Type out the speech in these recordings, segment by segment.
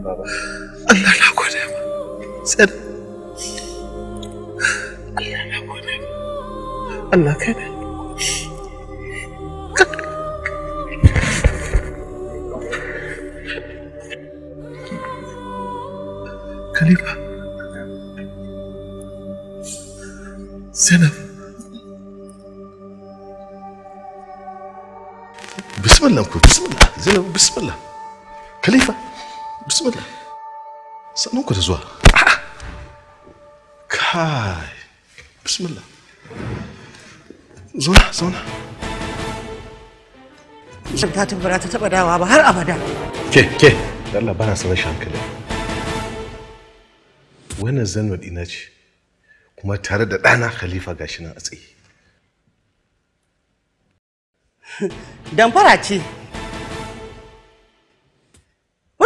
amin baba Allah na gode ma Allah na gode Allah kai ne Khalifa Zainab Bismillah ku bismillah Zainab bismillah Khalifa bismillah sannan ku da zuwa kai bismillah zauna zauna ta tabbara ta taba dawa ba har abada ke ke Allah bana sanar shi hankali wannan zanwa dina ce kuma tare da ɗana khalifa gashi nan a tsaye damfara ce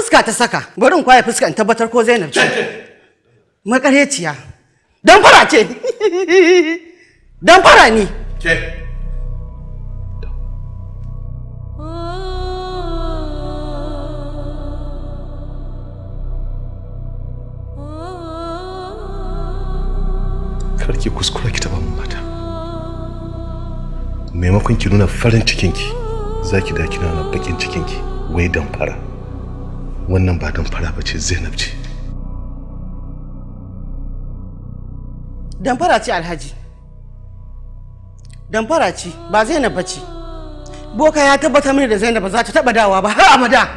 fuska ta saka bari in kwaye fuska in tabbatar ko zainab ce makareciya dan fara ce dan fara ni ce karki kuskura ki taba mata maimakon ki nuna farin cikinki za ki da kina na bakin cikinki wai damfara fara wannan ba damfara ba ce zainab ce damfara ce alhaji damfara ce ba zainab ba ce boka ya tabbatar mini da zainab za ta taba dawa ba har amada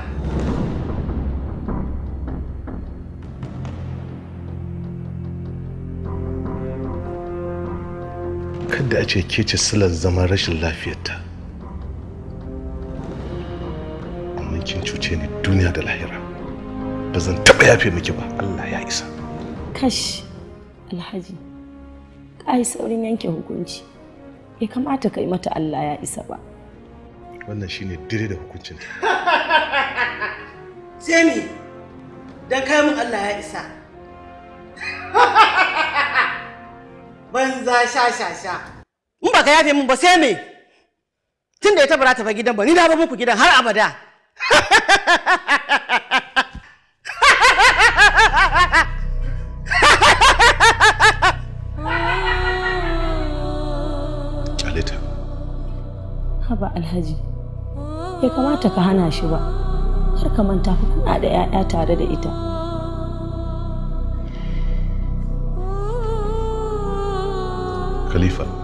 kada a ce ke ce silar zaman rashin lafiyarta amma kin cuce ni duniya da lahira ba zan taba yafe miki ba Allah ya isa kash alhaji ai saurin yanke hukunci ya kamata kai mata Allah ya isa ba wannan shine dire da hukuncin sai me dan kai mun Allah ya isa banza sha sha sha in baka yafe mun ba sai me tunda ya tabara ta gidan ba ni da ba muku gidan har abada ba alhaji ya kamata ka hana shi ba har ka manta ku kuna da 'ya'ya tare da ita khalifa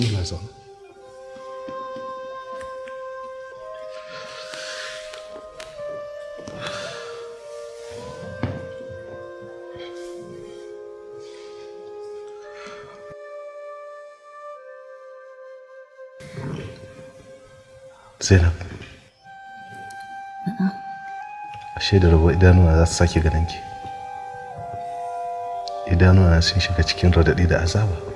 bismillah Zainab. Ashe da rabo idanuwa za su sake ganin ki. Idanuwa sun shiga cikin radadi da azaba.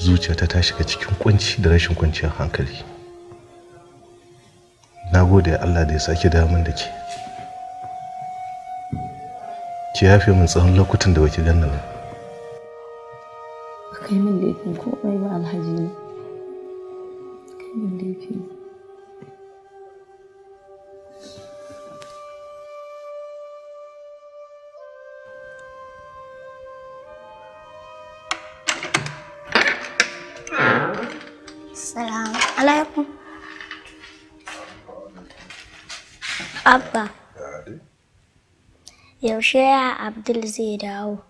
zuciyata ta shiga cikin kunci da rashin kwanciyar hankali na gode allah da ya sake damun da ke ki yafe min tsawon lokutan da baki ganna ba kai min laifin komai ba alhaji Yaushe Abdul zai dawo?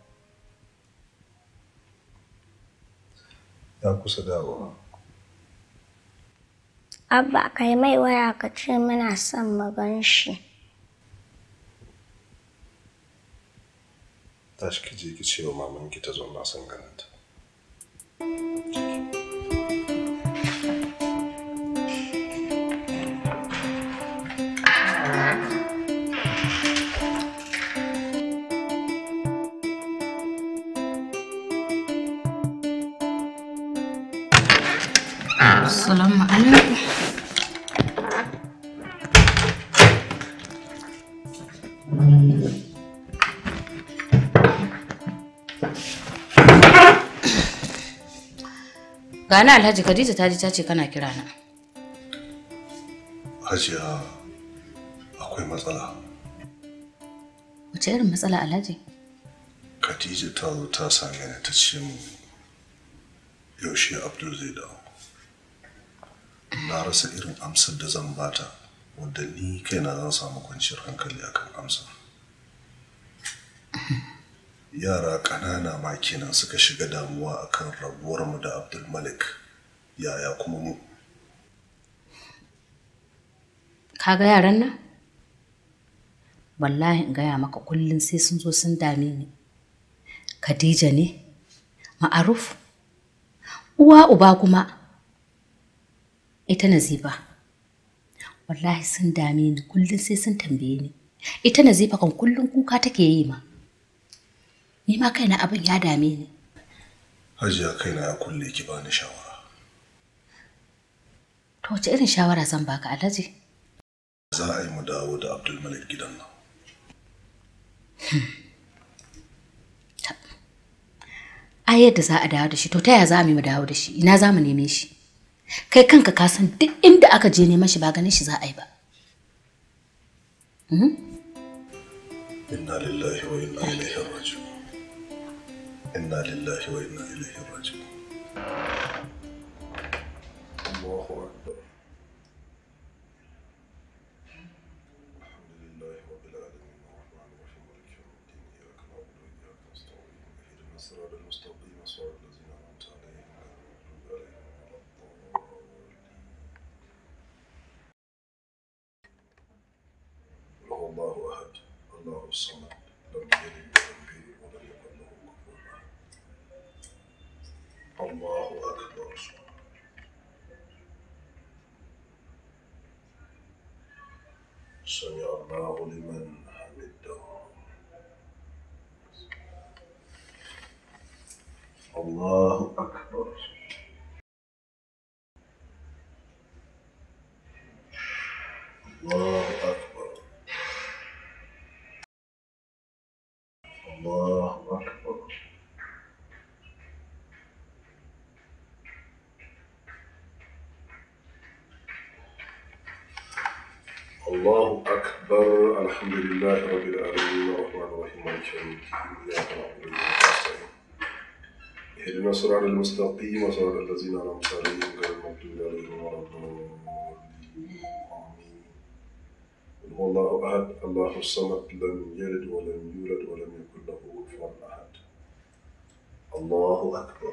Ya kusa dawo? Abba kai mai waya ka ce muna son mu gan shi. Tashi ki je ki ce wa mamanki ta zo na son Gana Alhaji Khadija ta ji ta ce kana kira na. Hajiya akwai matsala. Wace irin matsala Alhaji? Khadija ta zo ta same ni ta ce mu yaushe Abdul zai dawo. Na rasa irin amsar da zan bata wadda ni kaina zan samu kwanciyar hankali akan amsar. yara ƙanana ma kenan suka shiga damuwa akan rabuwar mu da abdulmalik yaya kuma mu kaga yaran nan wallahi in gaya maka kullum sai sun zo sun dame ni khadija ne ma'aruf uwa uba kuma ita naziba wallahi sun dame ni kullum sai sun tambaye ni ita nazifa kan kullum kuka take yi ma ni ma kaina abin ya dame ni hajiya kaina ya kulle ki ni shawara to wace irin shawara zan baka alhaji za a yi mu dawo da abdulmalik gidan nan hmm. a yadda za a dawo da shi to ta yaya za mu dawo da shi ina za mu neme shi kai kanka ka san duk inda aka je neman shi ba ganin shi za a yi ba hmm? inna lillahi wa inna ilaihi raji'un إنا لله وإنا إليه راجعون الله أكبر لمن الله الحمد لله رب العالمين الرحمن الرحيم مالك يوم الدين اياك نعبد واياك نستعين اهدنا الصراط المستقيم صراط الذين انعمت عليهم غير المغضوب عليهم ولا الضالين والله الله احد الله الصمد لم يلد ولم يولد ولم يكن له كفوا احد الله اكبر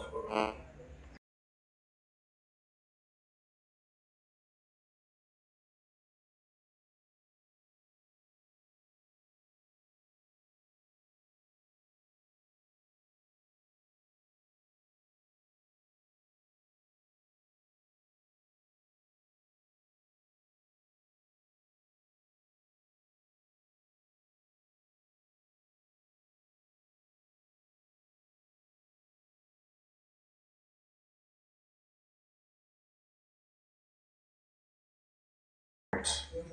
محمد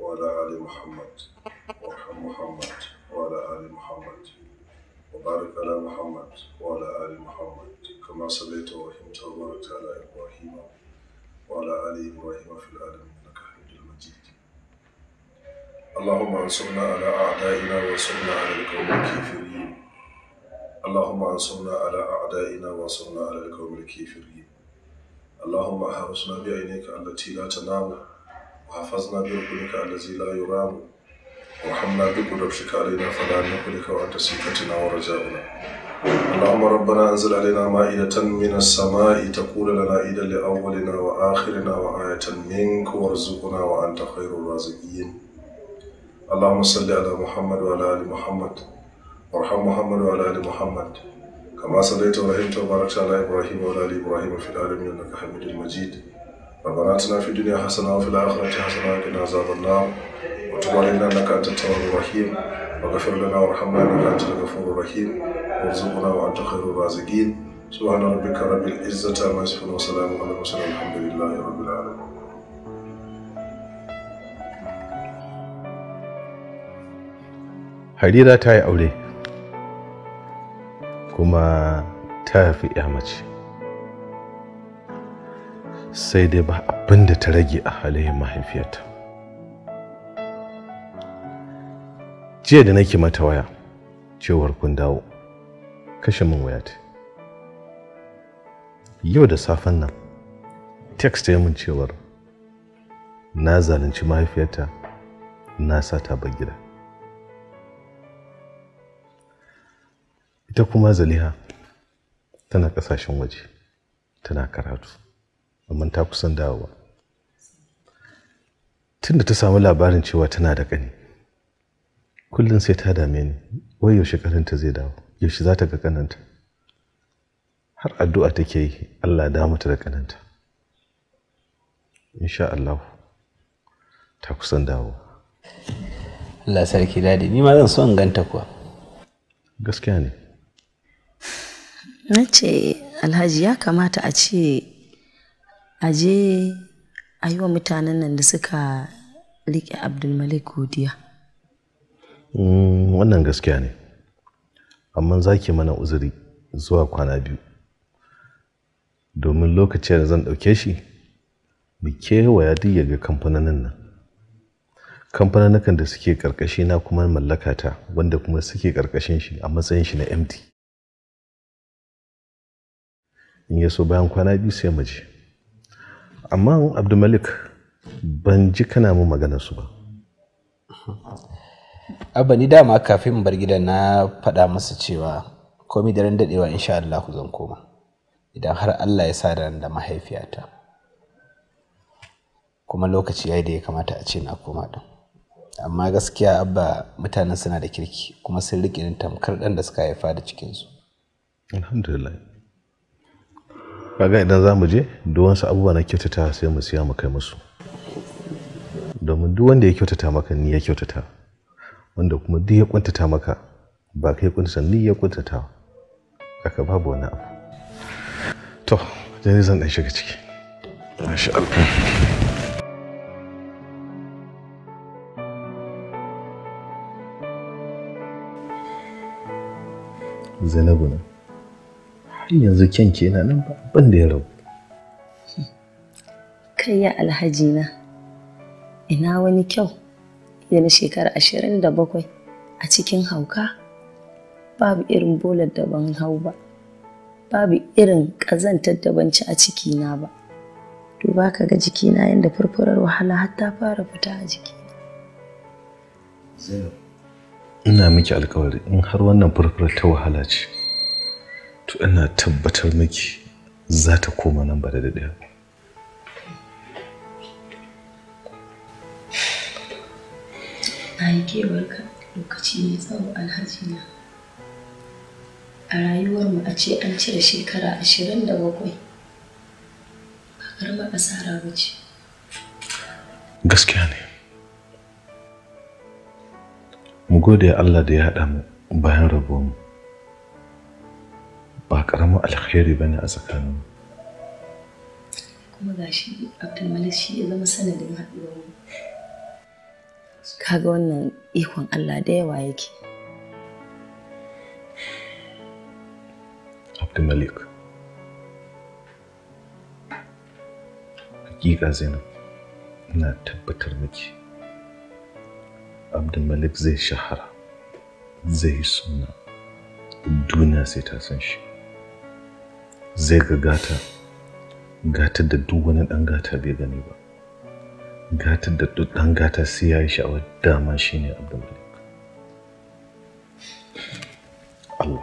وعلى آل محمد وارحم محمد وعلى آل محمد وبارك على محمد وعلى آل محمد كما صليت ورحمت وباركت على إبراهيم وعلى آل إبراهيم في العالمين إنك حميد مجيد اللهم انصرنا على أعدائنا وانصرنا على القوم الكافرين اللهم انصرنا على أعدائنا وانصرنا على القوم الكافرين اللهم حرسنا بعينيك التي لا تنام حفظنا بركنك الذي لا يرام وارحمنا بقدرتك علينا فلا نهلك وانت سكتنا ورجاؤنا اللهم ربنا انزل علينا مائدة من السماء تقول لنا عيدا لاولنا واخرنا وآية منك وارزقنا وانت خير الرازقين اللهم صل على محمد وعلى ال محمد وارحم محمد وعلى ال محمد كما صليت ورحمت وباركت على ابراهيم وعلى ال ابراهيم في العالمين انك حميد مجيد ربنا اتنا في الدنيا حسنه وفي الاخره حسنه وقنا عذاب النار وتب علينا انك انت التواب الرحيم واغفر لنا وارحمنا انك انت الغفور الرحيم وارزقنا وانت خير الرازقين سبحان ربك رب العزه عما يصفون وسلام على المرسلين الحمد لله رب العالمين Harira ta yi aure kuma ta haifi 'ya mace. sai dai ba abin da ta rage a halayen mahaifiyarta jiya da nake mata waya cewar kun dawo kashe min wayata yau da safen nan text ya min cewar na zalunci mahaifiyarta na sa ta ba gida ita kuma zaliha tana kasashen waje tana karatu amma ta kusan dawowa tun da ta samu labarin cewa tana da ƙani kullum sai ta dame ni wai yaushe ƙaninta zai dawo yaushe za ta ga ƙaninta har addu'a take yi Allah da ta da ƙaninta insha Allah ta kusan dawo Allah sarki dadi ni ma zan so in ganta kuwa gaskiya ne na ce alhaji ya kamata a ce a je a yi wa mutanen nan da suka riƙe abdulmalik godiya mm, wannan gaskiya ne amma za ki mana uzuri zuwa kwana biyu domin lokacin da zan ɗauke shi mu kewaya duk ya ga kamfanonin nan kamfanonukan da suke ƙarƙashi na kuma mallakata ta wanda kuma suke ƙarƙashin shi a matsayin shi na md in ya so bayan kwana biyu sai mu je amma abdulmalik ban ji kana mu maganar su ba abba ni dama kafin bar gidan na faɗa masa cewa komai da ran daɗewa insha allahu zan koma idan har Allah ya sa da da mahaifiyata kuma lokaci ya da ya kamata a ce na koma da amma gaskiya abba mutanen suna da kirki kuma sun riƙe tamkar ɗan da suka haifa da cikinsu alhamdulillah kaga idan za mu je duk wasu abubuwa na kyautata sai mu siya mu kai musu domin duk wanda ya kyautata maka ni ya kyautata wanda kuma duk ya kuntata maka ba kai kuntata ni ya kuntata kaka babu wani abu to dai zan dan shiga ciki masha Allah Zainabu ne. har yanzu kyan ke na nan ban da ya rabu. Kai ya alhaji na, ina wani kyau na shekara ashirin da bakwai a cikin hauka babu irin bolar da ban hau ba, babu irin ƙazantar da ban ci a cikina ba. Duba ka ga jikina yadda furfurar wahala har ta fara fita a jiki Zainab, ina miki alkawari in har wannan furfurar ta wahala ce. to ina tabbatar miki za ta koma nan ba da daɗewa na yi kewarka lokaci mai tsawo alhaji na a rayuwarmu a ce an cire shekara ashirin da bakwai ba karamar asara ba ce gaskiya ne mu gode Allah da ya haɗa mu bayan mu. ba karamin alkhairi bane a tsakanin kuma gashi Abdulmalik shi ya zama sanadin haɗuwar mu kaga wannan ikon Allah da yawa yake Abdulmalik hakika Zainab ina tabbatar miki Abdulmalik zai shahara zai suna duniya sai ta san shi zai ga gata gatar da duk wani ɗan gata bai gani ba Gata da duk ɗan gata sai ya yi sha'awar dama shine abdulmalik allah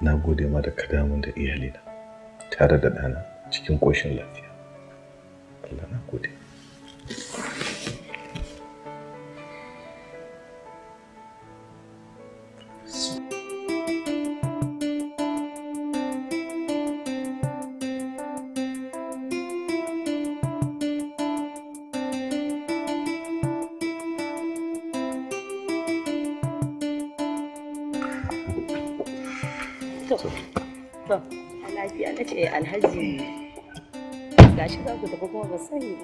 na gode ma da ka damun da iyalina tare da ɗana cikin koshin lafiya allah na gode ba sani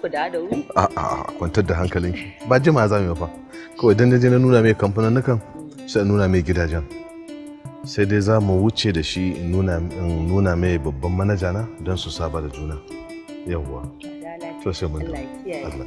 ko da wuri a'a kwantar da hankalinki ba jima za mu fa kawai idan na je na nuna mai kamfanin nukan sai nuna mai gidajen sai dai za mu wuce da shi in nuna mai babban manaja na don su saba da juna yawwa to sai mun da Allah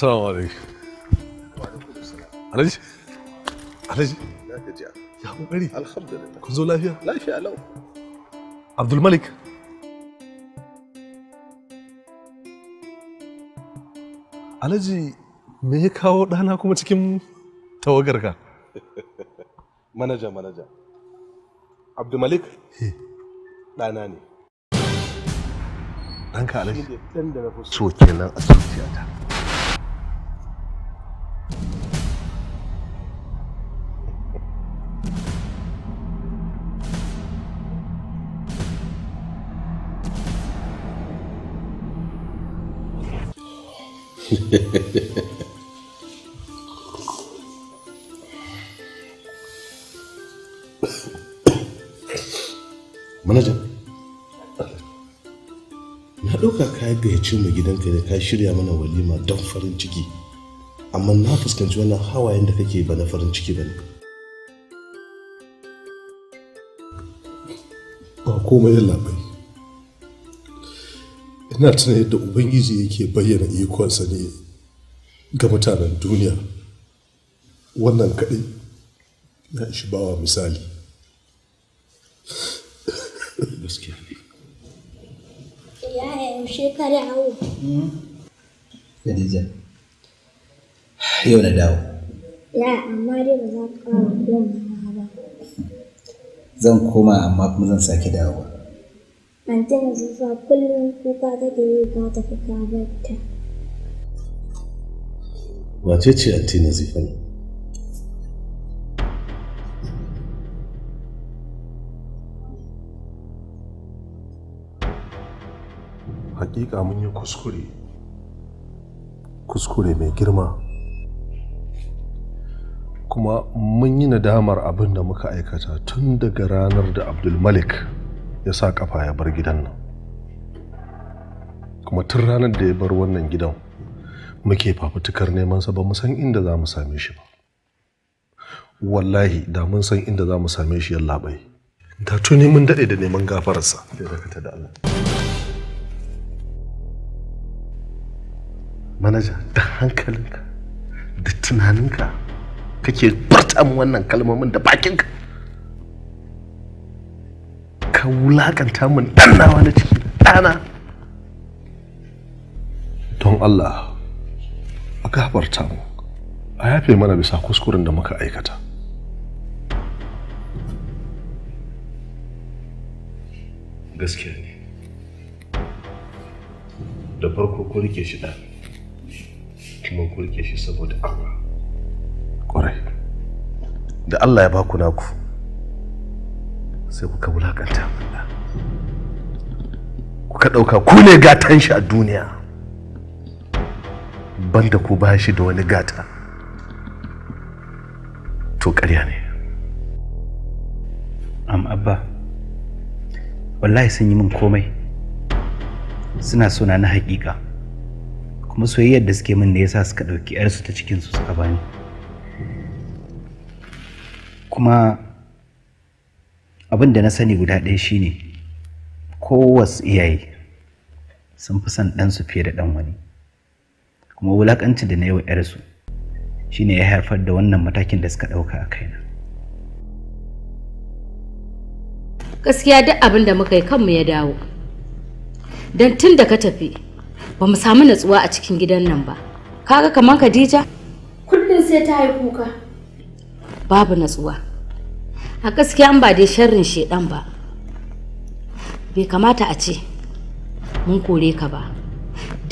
Assalamu alaikum. Alhaji? Alhaji? Ya gaji. Ya Alhamdulillah. Kun zo lafiya? Lafiya lau. Abdul Malik. Alhaji me ya kawo ɗana kuma cikin tawagar ka? manaja manaja. Abdul Malik? Ɗana ne. ɗanka alhaji so kenan a zuciyata manajan na ɗauka ka gayyace mu gidanka ne ka shirya mana walima don farin ciki amma na fuskanci wannan hawayen da kake ba na farin ciki ba ne ba komai da labai ina tuna yadda ubangiji yake bayyana ikonsa ne ga mutanen duniya wannan kaɗai na ishi bawa misali ya yaushe ka dawo Khadija yau na dawo ya amma dai ba za ka koma ba zan koma amma kuma zan sake dawo عندنا زفاف kullum kuka take yi ta fita ka barta wace ce anti nazifa hakika mun yi kuskure kuskure mai girma kuma mun yi nadamar abin da muka aikata tun daga ranar da abdulmalik ya sa kafa ya bar gidan nan kuma tun ranar da ya bar wannan gidan muke fafutukar neman sa ba mu san inda za mu same shi ba wallahi da mun san inda za mu same shi yalla bai da tuni mun daɗe da neman gafararsa da Allah manaja da hankalinka da tunaninka kake bartan wannan kalmomin da bakinka wulakanta min ɗan nawa na ciki ɗana don Allah a gafarta mu a yafe mana bisa kuskuren da muka aikata gaskiya ne da farko ko rike shi ɗan kuma ku rike shi saboda Allah ƙwarai da Allah ya baku naku sai kuka wulakanta Allah kuka ɗauka ku ne gatan shi a duniya banda ku ba shi da wani gata to ƙarya ne am abba wallahi sun yi min komai suna sona na haƙiƙa kuma soyayyar da suke min ne yasa suka ɗauki 'yarsu ta cikinsu suka bani kuma abin da na sani guda ɗaya shine kowace iyaye sun fi son ɗansu fiye da ɗan wani kuma wulaƙancin da na yi wa 'yarsu shine ya haifar da wannan matakin da suka ɗauka a kaina gaskiya duk abin da muka yi kanmu ya dawo don tun da ka tafi ba mu samu natsuwa a cikin gidan nan ba kaga kamar khadija kullum sai ta ka. babu natsuwa a gaskiya an ba da sharrin shedan ba bai kamata a ce mun kore ka ba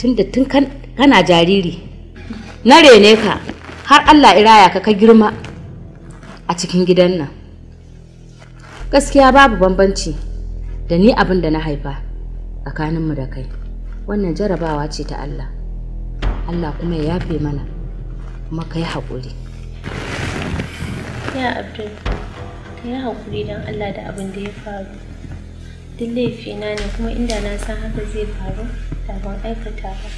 tunda tun kana jariri na rene ka har allah iraya ka ka girma a cikin gidan nan gaskiya babu bambanci da ni abin da na haifa tsakanin mu da kai wannan jarabawa ce ta allah allah kuma ya yafe mana kuma ka yi haƙuri ya abdul ka yi haƙuri don Allah da abin da ya faru duk laifina ne kuma inda na san haka zai faru da ban aikata ba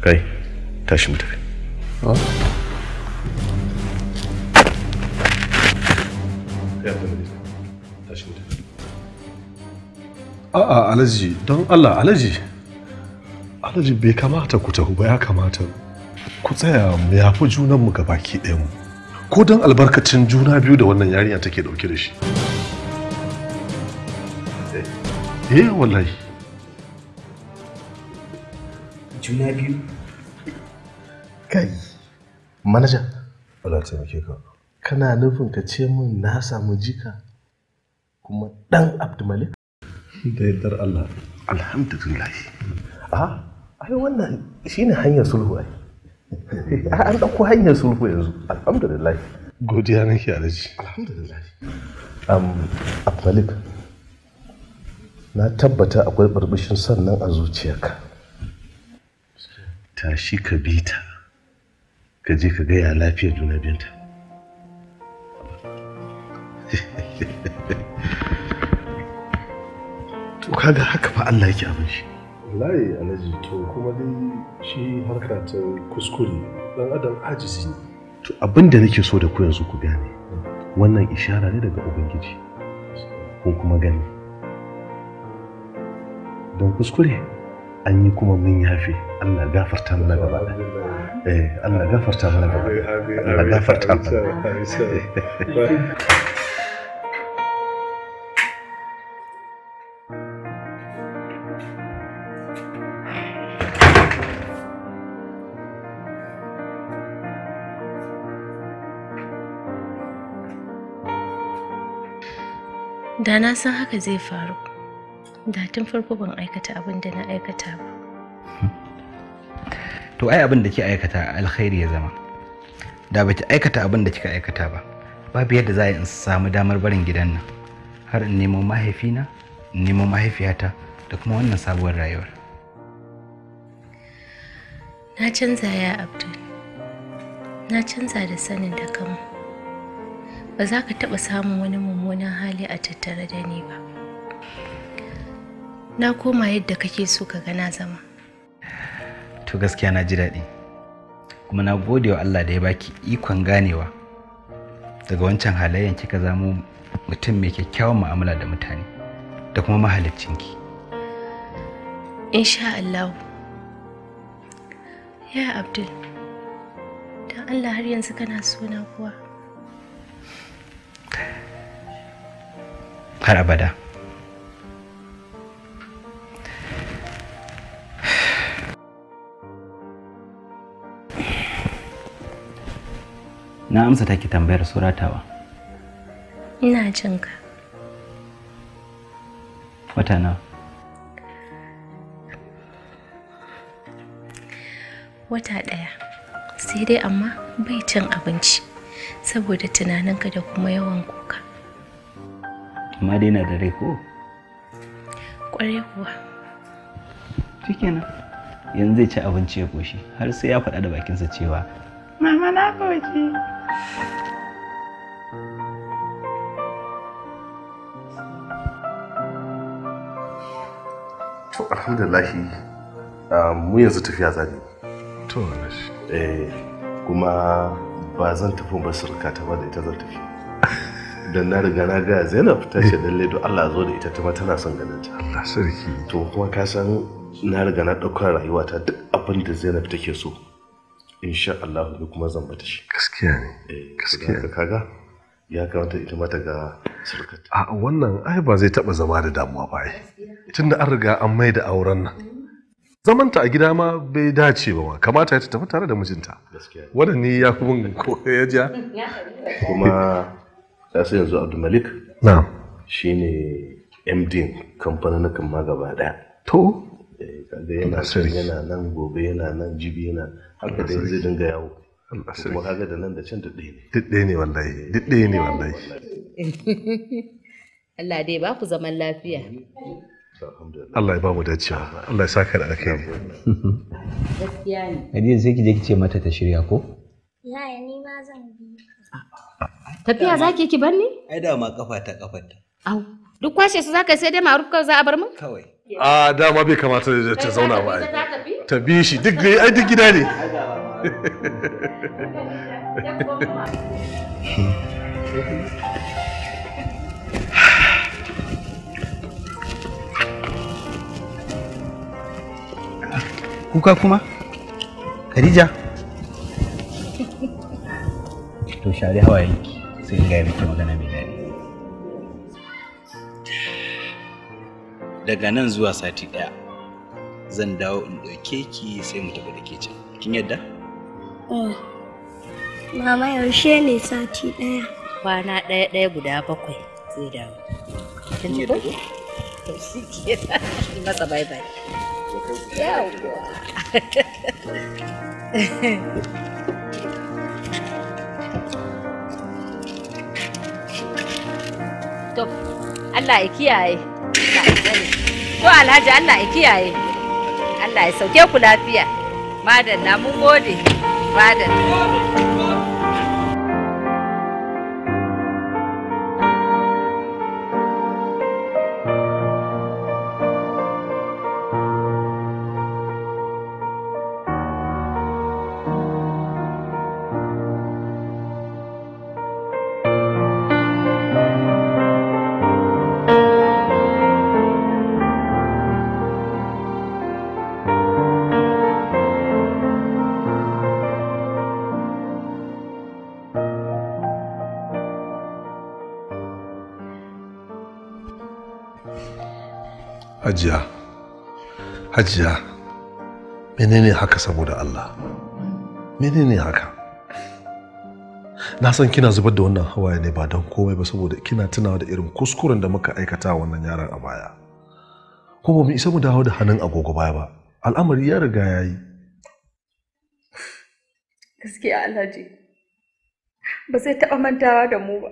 kai tashi mu tafi a'a alaji don Allah alaji alaji bai kamata ku tafi ba ya kamata ku tsaya mu yafi junanmu ga baki ɗayanmu ko don albarkacin juna biyu da wannan yarinya take dauke da shi eh, eh wallahi juna biyu kai manaja Allah taimake ka kana nufin ka ce min na samu jika kuma dan abdulmalik da yardar Allah alhamdulillah a ai wannan shine hanyar sulhu ai an ɗauko hanyar sulhu yanzu alhamdulillah godiya ke alhaji alhamdulillah abmalik na tabbata akwai barbishin sannan a zuciyarka tashi ka bi ta ka je ka gaya lafiyar juna binta to kaga haka fa Allah yake abin shi wallahi alhaji to kuma dai shi harka ta kuskure dan adam ajisi to abin da nake so da ku yanzu ku gane wannan ishara ne daga ubangiji kun kuma gani don kuskure an yi kuma mun yafe Allah gafarta mana gaba eh Allah gafarta mana gaba Allah gafarta mana da na san haka zai faru da tun farko ban aikata abin da na aikata ba to ai abin da ke aikata alkhairi ya zama da baki aikata abin da kika aikata ba babu yadda za a in samu damar barin gidan nan har in nemo mahaifina in nemo mahaifiyata da kuma wannan sabuwar rayuwar na canza ya abdul na canza da sanin da kama ba za ka taɓa samun wani mummunan hali a tattare da ni ba na koma yadda kake so ka gana zama to gaskiya na ji daɗi kuma na gode wa Allah da ya baki ikon ganewa daga wancan halayyar kika zamo mutum mai kyakkyawan mu'amala da mutane da kuma mahaliccinki insha Allah ya abdul don Allah har yanzu kana suna kuwa har abada na amsa take tambayar suratawa ina jin ka wata wata ɗaya sai dai amma bai cin abinci saboda tunaninka da kuma yawan kuka amma dai na da rai ko kwarai kuwa nan yanzu zai ci abinci ya koshi har sai ya faɗa da bakinsa cewa mama na koshi to alhamdulillah um, mu yanzu tafiya zani to eh kuma ba zan tafi ba surka ta ba da ita zan tafi don na riga na gaya zainab ta ce lalle don allah zo da ita ta tana son ganin ta allah sarki to kuma ka san na riga na ɗaukar rayuwata duk abin da zainab take so insha allah ni kuma zan bata shi gaskiya ne eh, gaskiya ka kaga ya kamata ita ma ta ga surkata a wannan ai ba zai taba zama da damuwa ba ai tunda an riga an mai da auren nan ta a gida ma bai dace ba kamata ya tafi tare da mijinta wadanne ya kuma ko ya ja kuma kasu yanzu abdulmalik shi ne md kamfanin ma gaba daya to eh, kaga yana yana nan gobe yana nan jibi yana haka da zai dinga yawo kuma kaga da nan da can duk ne duk ne wallahi duk ne wallahi Allah dai ba ku zaman lafiya Allah ya ba mu dacewa Allah ya saka da yi gaskiya ne Hadiza sai ki je ki ce mata ta shirya ko ya ni ma zan bi Tafiya za ki ki banni? Ai dama kafa ta kafa ta. Au, duk kwashe su za ka sai dai ma'aruf kawai za a bar mu? Kawai. A dama bai kamata da ta zauna ba ai. Ta bi shi duk ai duk gida ne. Kuka kuma? Khadija? to hawa hawayenki sai in gaya magana mai dadi daga nan zuwa sati ɗaya zan dawo in dauke ki sai mu tafi da ke can kin yadda? Oh, mama yaushe ne sati ɗaya kwana ɗaya ɗaya guda bakwai zai dawo kin ji ko? to shi ke masa bye bye yawa to Allah ya kiyaye to alhaji Allah ya kiyaye Allah ya sauke ku lafiya madalla mun gode madalla hajiya hajiya menene haka saboda Allah menene haka na san kina zubar da wannan hawaye ne ba don komai ba saboda kina tunawa da irin kuskuren da muka aikata wannan yaran a baya ko ba mu isa mu dawo da hannun agogo baya ba al'amari ya riga ya yi gaskiya alhaji ba zai taɓa mantawa da mu ba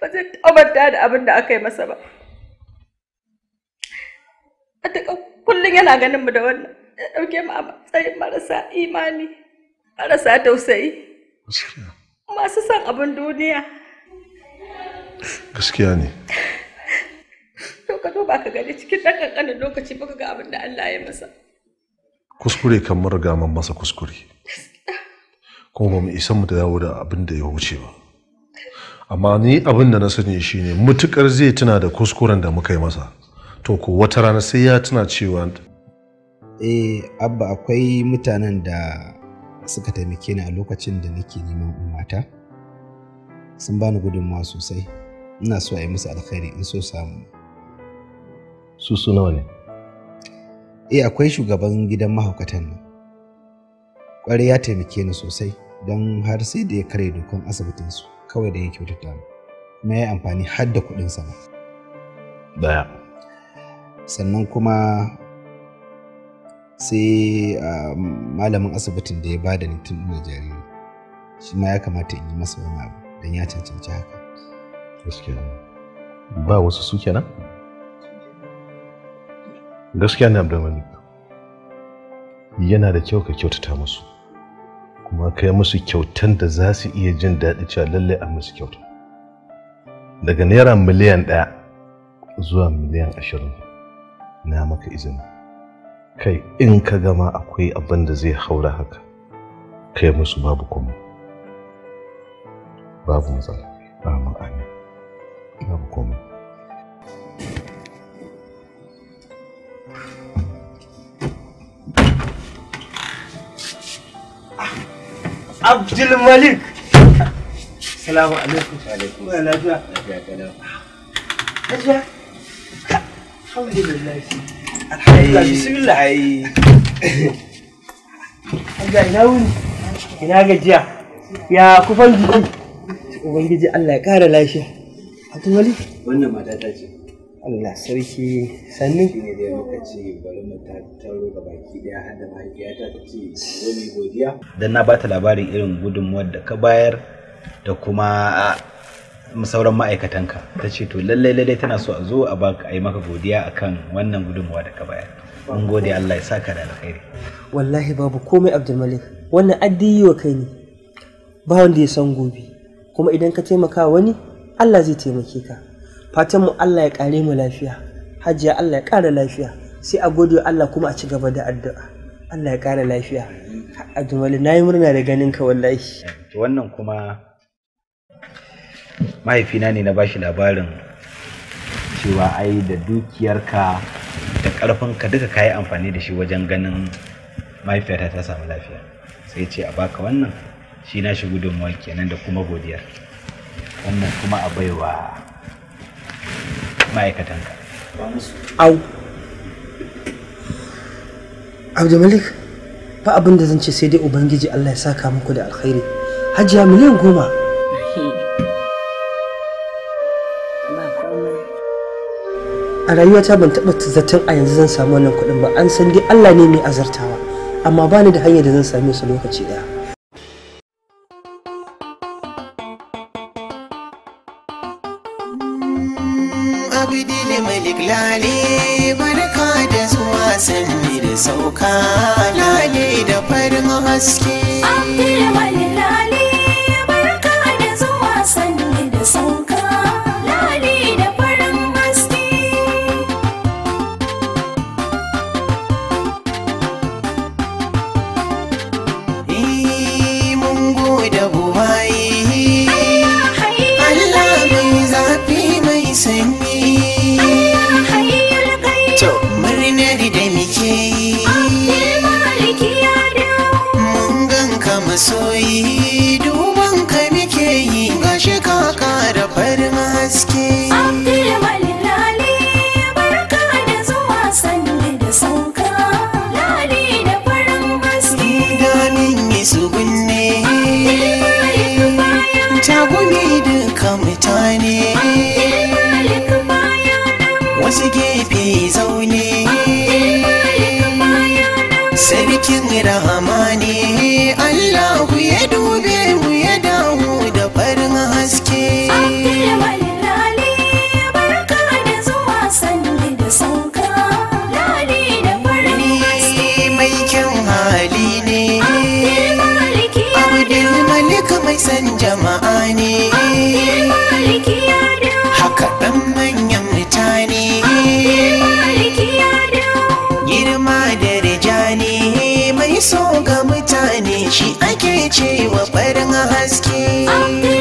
ba zai taɓa mantawa da abin da aka yi masa ba matuƙa kullum yana ganin mu da wannan ya ɗauke mu a matsayin marasa imani marasa tausayi masu son abin duniya gaskiya ne to ka duba ka gani cikin ɗan ƙanƙanin lokaci baka ga abin da Allah ya masa kuskure kan marga man masa kuskure kuma ba mu isa mu da dawo da abin da ya wuce ba amma ni abin da na sani shine mutukar zai tuna da kuskuren da muka yi masa to ko wata rana sai ya tuna cewa eh abba akwai mutanen da suka taimake ni a lokacin da nake neman ummata sun bani gudunmawa sosai ina so a yi musu alkhairi in so samu su su nawa ne eh akwai shugaban gidan mahaukatan nan kwarai ya taimake ni sosai don har sai da ya kare dokan asibitinsu kawai da ya kyautata mu na yi amfani har da kuɗinsa ba daya sannan kuma sai malamin asibitin da ya ba da tun da jariri shi ma ya kamata in yi masa wani abu don ya cancanci haka ba wasu su kenan gaskiya ne abdulmalik yana da kyau ka kyautata musu kuma kai musu kyautan da za su iya jin daɗi cewa lallai a musu kyauta daga naira miliyan ɗaya zuwa miliyan ashirin na maka izini kai in ka gama akwai abin da zai haura haka kai musu babu kuma babu matsala amin amin babu kuma Abdulmalik. Salamu alaikum. Wa alaikum. Lafiya. Lafiya alhamdulillah alhamdulillah bismillah ai ga ina wuni ina gajiya ya kufan jiki ubangiji Allah ya kara lafiya wannan mata ce sarki sannu ne da muka ce bari mu tattaro ga baki daya har da mahaifiyata ta ce zo mu godiya dan na bata labarin irin gudunmuwar da ka bayar da kuma sauran ma'aikatanka ta ce to lallai lallai tana so a zo a baka yi maka godiya akan wannan gudunmawa da ka bayar mun gode Allah ya saka da alkhairi wallahi babu komai Abdulmalik wannan addini wa kai ne ba wanda ya san gobe kuma idan ka taimaka wani Allah zai taimake ka fatan mu Allah ya kare mu lafiya hajiya Allah ya kara lafiya sai a gode Allah kuma a ci gaba da addu'a Allah ya kara lafiya Abdulmalik nayi murna da ganin ka wallahi wannan kuma mahaifina ne na bashi labarin cewa ai da dukiyarka da ƙarfinka duka ka yi amfani da shi wajen ganin mahaifiyata ta samu lafiya sai ce a baka wannan shi na shi gudunmawa kenan da kuma godiyar wannan kuma a baiwa ma'aikatanka au abdulmalik ba abin da zan ce sai dai ubangiji allah ya saka muku da alkhairi hajiya miliyan goma a rayuwata ban taɓa zaton a yanzu zan samu wannan kuɗin ba an san dai Allah ne mai azartawa amma bani da hanyar da zan same su lokaci ɗaya kyau ga mutane shi ake cewa farin haske.